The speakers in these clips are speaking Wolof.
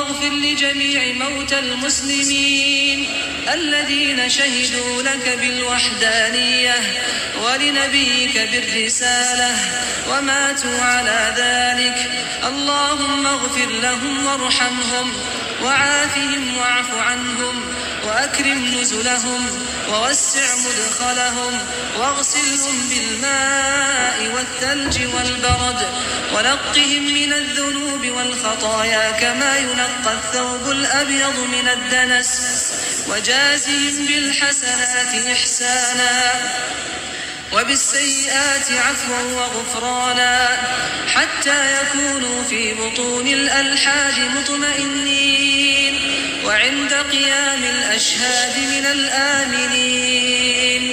واغفر لجميع موتى المسلمين الذين شهدوا لك بالوحدانية ولنبيك بالرسالة وماتوا على ذلك اللهم اغفر لهم وارحمهم وعافهم واعف عنهم وأكرم نزلهم ووسع مدخلهم واغسلهم بالماء والثلج والبرد ونقهم من الذنوب والخطايا كما ينقى الثوب الأبيض من الدنس وجازهم بالحسنات إحسانا وبالسيئات عفوا وغفرانا حتى يكونوا في بطون الألحاد مطمئنين الأشهاد من الآمنين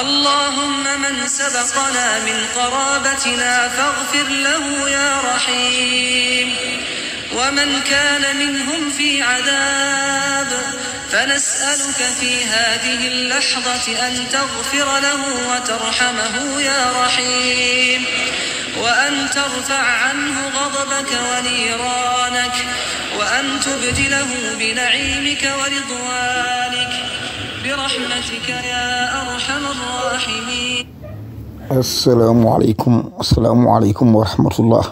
اللهم من سبقنا من قرابتنا فاغفر له يا رحيم ومن كان منهم في عذاب فنسألك في هذه اللحظة أن تغفر له وترحمه يا رحيم وأن ترفع عنه غضبك ونيرانك وأن تبدله بنعيمك ورضوانك برحمتك يا أرحم الراحمين السلام عليكم السلام عليكم ورحمة الله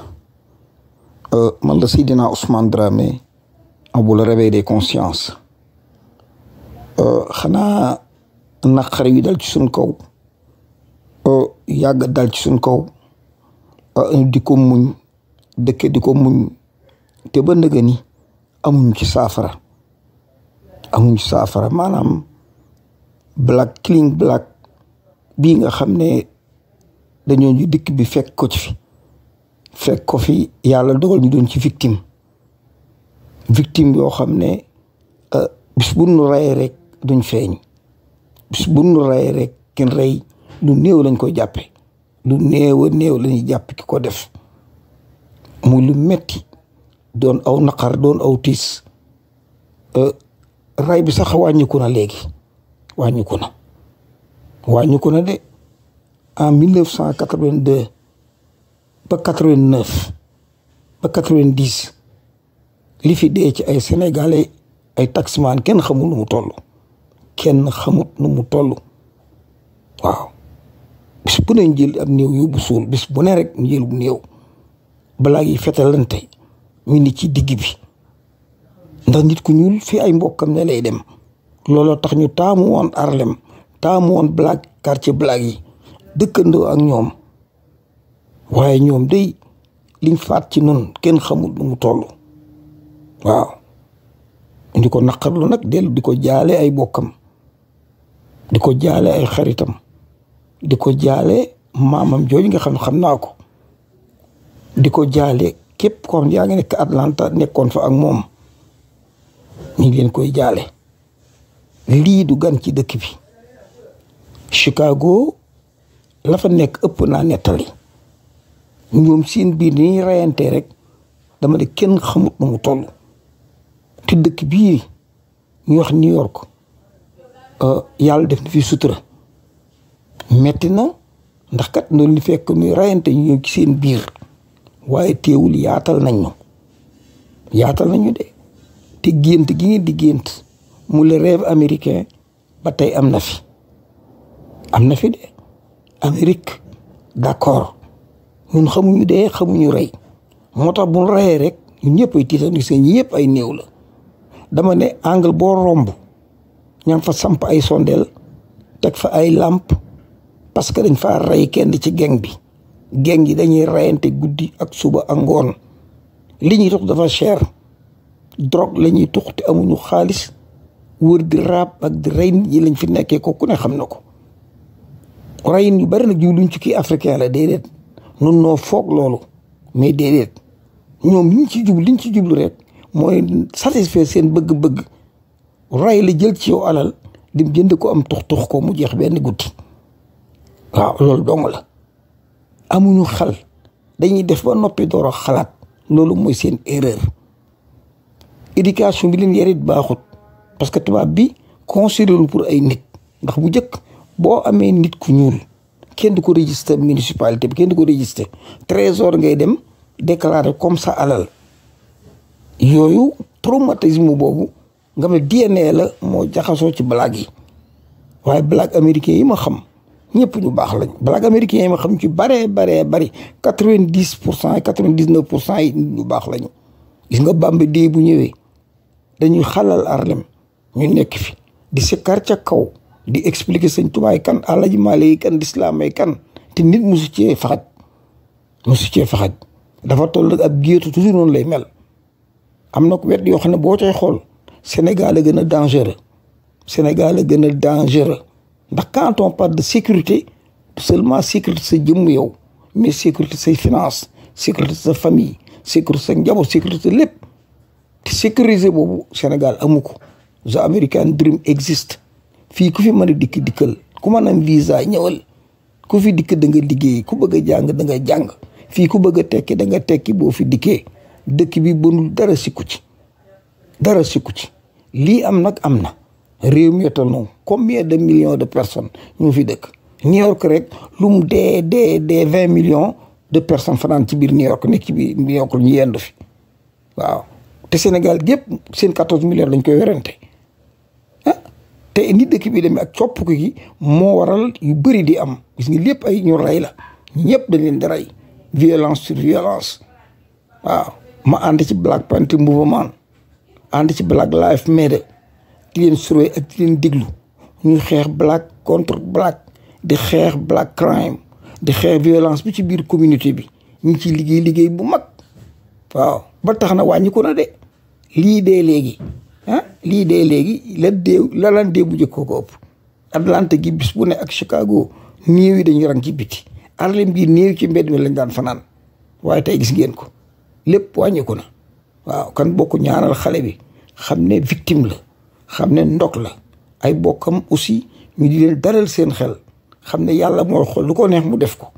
man la Seydina Ousmane Dramé abu la réveil des consciences xanaa naqar yi dal ci suñ kaw yàgg dal ci suñ kaw di ko muñ dëkke di ko muñ te ba ndëgë amuñ ci saafara amuñ ci saafara maanaam black clean black bii nga xam ne dañoo ñu dikk bi fekk ko ci fi fekk ko fi yàlla dogal ñu doon ci victime victime yoo xam ne euh, bis bu nu rey rek duñ feeñ bis bu nu rey rek kenn rey lu néew lañ koy jàppe lu néew a néew la ñuy jàpp ki ko def muy lu metti doon aw naqar doon aw tis euh, ray bi sax wàññiku na léegi wàññiku na wàññiku na de en mille neuf cent quatre ba quatre-vingt-neuf ba quatre-vingt-dix li fi dee ci ay sénégalais ay taximaan kenn xamul nu mu toll kenn xamut nu mu toll waaw bis bu ne ñu jël ab néew yóbbu suul bis bu ne rek ñu bu néew balaa yi fetalante ñu ni ci digg bi ndax nit ku ñuul fii ay mbokkam ne lay dem looloo tax ñu taamu woon Harlem taamu woon black quartier black yi dëkkandoo ak ñoom waaye ñoom day liñ faat ci noonu kenn xamul nu mu toll waaw di ko naqarlu nag dellu di ko jaale ay bokkam di ko jaale ay xaritam di ko jaale maamam jooju nga xam xam naa ko di ko jaale képp koo xam yaa ngi nekk Atlanta nekkoon fa ak moom ñu ngi koy jaale lii du gan ci dëkk bi Chicago la fa nekk ëpp naa nettali ñoom seen biir ni ñuy rek dama de kenn xamut nu mu toll te dëkk bii ñu wax New York euh, yàlla def na fi sutura metti na ndax kat loolu li fekk nuy rayante ñu ci seen biir waaye téewul yaatal nañ ñu yaatal nañu de te gént gi ngeen di gént mu la rêve américain ba tey am na fi am na fi de Amérique d'accord ñun xamuñu dee xamuñu rey moo tax bu reyee rek ñun ñëpp ay tiitan seen yëpp ay néew la dama ne angle boo romb ña fa samp ay sondeel teg fa ay làmp parce que dañ faa ray kenn ci geng bi geng yi dañuy reyante guddi ak suba ak ngoon li ñuy tux dafa cher drogue la ñuy tux te amuñu xaalis wër di raab ak di rey ñi lañ fi nekkee ko ku ne xam na ko reyin yu bari na nag jiwluñ ci kii africain la déedéet nun noo foog loolu mais déedéet ñoom liñ ci jublu liñ ci jublu rek mooy satisfaire seen bëgg-bëgg rey la jël ci yow alal dim jënd ko am tux tux ko mu jeex benn guddi waaw loolu dong la amuñu xal dañuy def ba noppi door a xalaat loolu mooy seen erreur éducation bi leen yarit baaxut parce que tubaab bi considéré pour ay nit ndax bu jëkk boo amee nit ku ñuul kenn du ko régistré municipalité bi kenn du ko régistré trésor ngay dem déclarer comme ça alal yooyu traumatisme boobu nga xam DNA la moo jaxasoo ci blague yi waaye blague américain yi ma xam ñëpp ñu baax lañ black américain yi ma xam ci baree baree bari quatre pour cent et quatre vingt dix neuf pour ñu baax lañu. gis nga bambi dee bu ñëwee dañuy xalal arlem ñu nekk fi di sikkar ca kaw di expliquer sëñ tubaay kan alaji maale kan lislaam kan te nit musu cee faxaj musu cee faxaj dafa toll ak ab géetu toujours noonu lay mel am na ko wet yoo xam ne boo cay xool Sénégal a gën a dangereux Sénégal a gën a dangereux ndax quand on parle de sécurité seulement sécurité sa jëmm yow mais sécurité say finance sécurité sa famille sécurité sa njaboot sécurité lépp te sécuriser boobu Sénégal amu ko the américan dream exist fii ku fi mën a dikk dikkal ku mën am visa ñëwal ku fi dikk da nga liggéey ku bëgg a jàng da nga jàng fii ku bëgg a tekki da nga tekki boo fi dikkee dëkk bi bënul dara sikku ci dara sikku ci lii am nag am na réew mi yotal noonu combien de millions de personnes ñoo fi dëkk New York rek lu mu dee dee dee vingt millions de personnes fanaan ci biir New York nekk ci biir New York ñu yendu fi waaw te Sénégal gépp seen quatorze millions lañ koy werante ah te ni dëkk bi demee ak coppiku gi moo waral yu bëri di am gis lépp ay ñu rey la ñëpp dañ leen di rey violence sur violence waaw ma ànd ci Black Panther Movement ànd ci Black Lives Matter di leen surveiller ak di leen déglu ñuy xeex black contre black di xeex black crime di xeex violence bi ci biir communauté bi ñu ngi ciy liggéey liggéey bu mag waaw ba tax na wàññi na de lii dee léegi ah lii dee léegi la déew la lan dee bu jëkkoo ko ëpp Atlanta gi bu ne ak Chicago néew yi dañuy rang ci biti Harlem gi néew ci mbedd mi lañ daan fanaan waaye tey gis ngeen ko lépp wàññi na waaw kan bokk ñaanal xale bi xam ne victime la xam ne ndog la ay bokkam aussi ñu di leen daral seen xel xam ne yàlla mooy xool lu ko neex mu def ko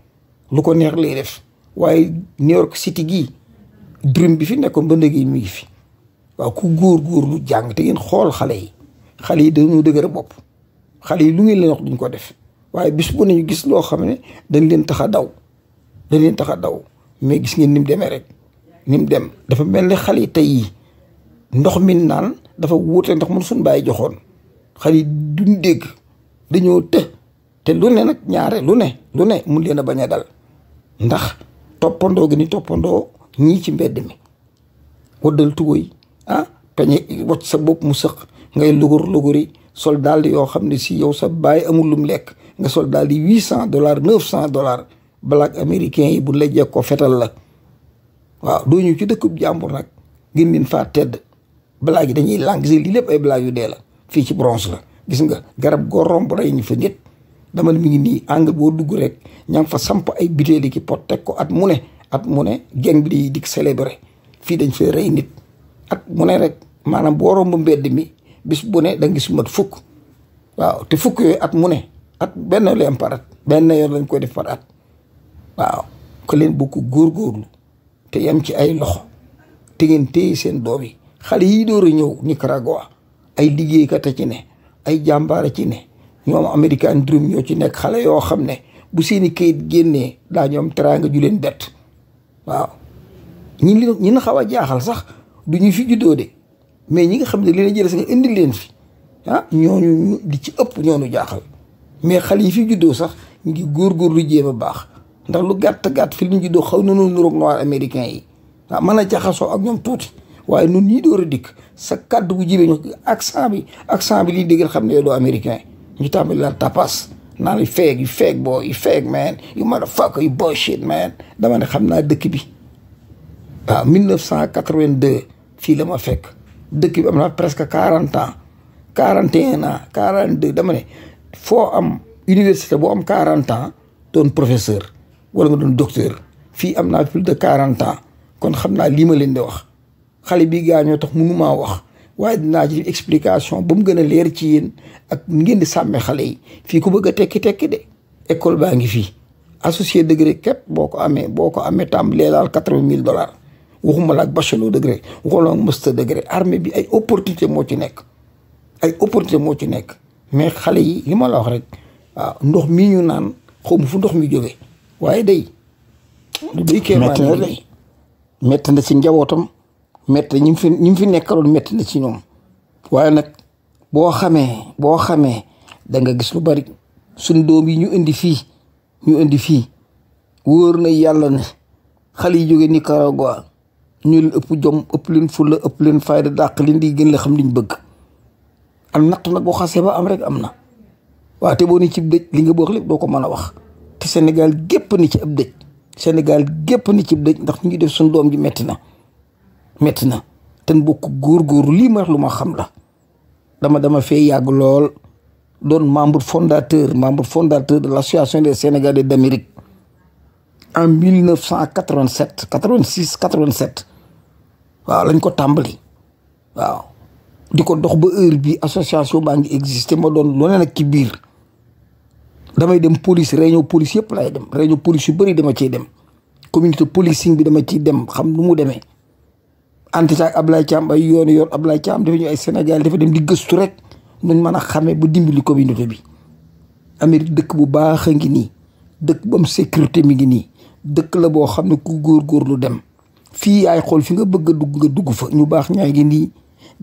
lu ko neex lay def waaye New York City gii dream bi fi nekkoon ba ndëgg yi mu ngi fi waaw ku góor góor lu jàng te ngeen xool xale yi xale yi dañoo dëgër bopp xale yi lu ngeen leen wax duñ ko def waaye bis bu ne ñu gis loo xam ne dañ leen tax a daw dañ leen tax a daw mais gis ngeen ni mu demee rek ni mu dem dafa mel ne xale yi tey yi ndox min naan dafa wuute ndox mun suñ bàyyi joxoon xale yi duñ dégg dañoo të te lu ne nag ñaare lu ne lu ne mun leen a bañ a dal ndax toppandoo gi ni toppandoo ñii ci mbedd mi waddal tugoy ah peñe wacc sa bopp mu sëq ngay lugur luguri sol daal yoo xam ne si yow sa bàyyi amul lum lekk nga sol daal di huit cent dollars neuf cent dollars black américain yi bu la jeg ko fetal la waaw doo ñëw ci dëkku jàmbur nag ngeen leen faa tedd blague yi dañuy lànk si lii lépp ay blague yu dee la fii ci bronze la gis nga garab goo romb rey ñu fa nit dama ne mi ngi nii angle boo dugg rek ña ngi fa samp ay butéeli ki pot teg ko at mu ne at mu ne geng bi di dik célébré fii dañ fay rey nit at mu ne rek maanaam boo romb mbedd mi bis bu ne da nga gis mat fukk waaw te fukk yooyu at mu ne at benn lay benn yoon lañ koy def par at waaw ko bukk góor góorgóorlu te yem ci ay loxo te ngeen téye seen doom yi xale yi door a ñëw Nicaragua ay liggéeykat a ci ne ay jàmbaar a ci ne ñoom American Dream ñoo ci nekk xale yoo xam ne bu seeni kayit génnee daa ñoom teraanga ju leen bett waaw ñi li ñi xaw a jaaxal sax du ñu fi juddoo de mais ñi nga xam ne li la jëlee sax nga leen fi ah ñooñu di ci ëpp ñoo nu jaaxal mais xale yi fi juddoo sax ñu ngi góorgóorlu jéem a baax ndax lu gàtt gàtt fi lu ñu juddoo xaw na noonu nuroog noir américain yi waaw ah, mën a jaxasoo ak ñoom tuuti waaye nu nii door a dikk sa kàddu bu jibee ñu accent bi accent bi liy déggal xam ne yow doo américain ñu tàmbali laan tapas naa la feeg yu feeg boo yu feeg man yu motherfucker yu bullshit man dama xam naa dëkk bi waaw mille neuf cent quatre fii la ma fekk dëkk bi am naa presque quarante ans quarante et un foo am université boo quarante ans doon professeur wala nga doon docteur fii am naa plus de quarante ans kon xam naa lii ma leen di wax xale bi gaañoo tax mënumaa wax waaye dinaa ci explication ba mu gën a leer ci yéen ak ngeen di sàmme xale yi fii ku bëgg a tekki-tekki de école baa ngi fii associé degré képp boo ko amee boo ko amee tàmbalee daal quatre-vingt mille dollars waxuma la ak bachelor degré waxuma la degré armée bi ay opportunité moo ci nekk ay opportunité moo ci nekk mais xale yi li ma la wax rek waaw ndox mii ñu naan xaw fu ndox mi jógee waaye day lu day kéemaan métti na si njawootam métti ñi fi ñi fi nekkaloon metti na ci ñoom waaye nag boo xamee boo xamee da nga gis lu bari suñ doom yi ñu indi fii ñu indi fii wóor na yàlla ne xale yi jóge Nicaragua ñu leen ëpp jom ëpp leen fulla ëpp leen fayda dàq leen di gën la xam liñ bëgg am nattu nag boo xasee ba am rek am na waaw te boo ni ci dëj li nga boox lépp doo ko mën a wax te senegal gépp ni ci ab dëj senegal gépp ni ci dëj ndax ñu ngi def suñ doom ji metti na métti na te góor góor lii ma lu ma xam la dama dama fee yàgg lool doon membre fondateur membre fondateur de l'association des Sénégalais d'Amérique en 1987 86 87 waaw lañ ko tàmbali waaw di ko dox ba heure bi association baa ngi existé ma doon lu ne nag biir damay dem police réunion police yëpp laay dem réunion police yu bëri dama ciy dem communauté policing bi dama ci dem xam nu mu demee entité ak Ablaye Thiam ay yoon yoon Ablaye Thiam dafa ñu ay Sénégal dafa dem di gëstu rek nuñ mën a xamee bu dimbali communauté bi Amérique dëkk bu baax a ngi nii dëkk bu am sécurité mi ngi nii dëkk la boo xam ne ku góorgóorlu dem fii yaay xool fi nga bëgg dugg nga dugg fa ñu baax ñaa ngi nii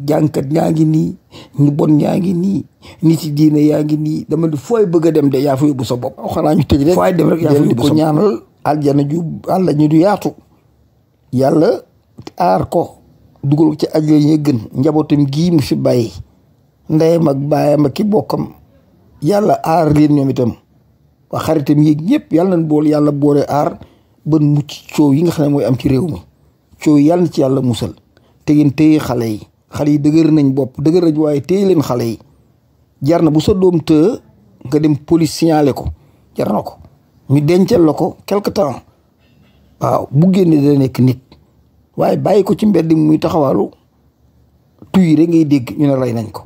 jànkat ñaa ngi nii ñu ñaa ngi nii nit yi diine yaa ngi nii dama di fooy bëgg a dem de yaa fa yóbbu sa bopp oh, xanaa ñu tëj rek dem rek yaa fa yóbbu sa bopp ko ju àlla ñu du yaatu yàlla aar ko dugal ko ci àjjana yi gën njabootam gii mu fi bàyyi ndeyam ak baayam ak ki bokkam yàlla aar leen ñoom itam waa xaritam yéeg ñëpp yàlla nañ bool yàlla boole aar ban mucc coow yi nga xam ne mooy am ci réew mi coow yàlla ci yàlla musal te xale yi xale yi dëgër nañ bopp dëgër nañ waaye téye leen xale yi jar na bu sa doom të nga dem police signalé ko jar na ko ñu dencal la ko quelque temps waaw bu génne da nekk nit waaye bàyyi ko ci mbedd muy taxawaalu tuy rek ngay dégg ñu ne rey nañ ko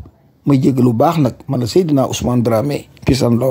may jégg lu baax nag man la Seydina Ousmane Dramé kisan law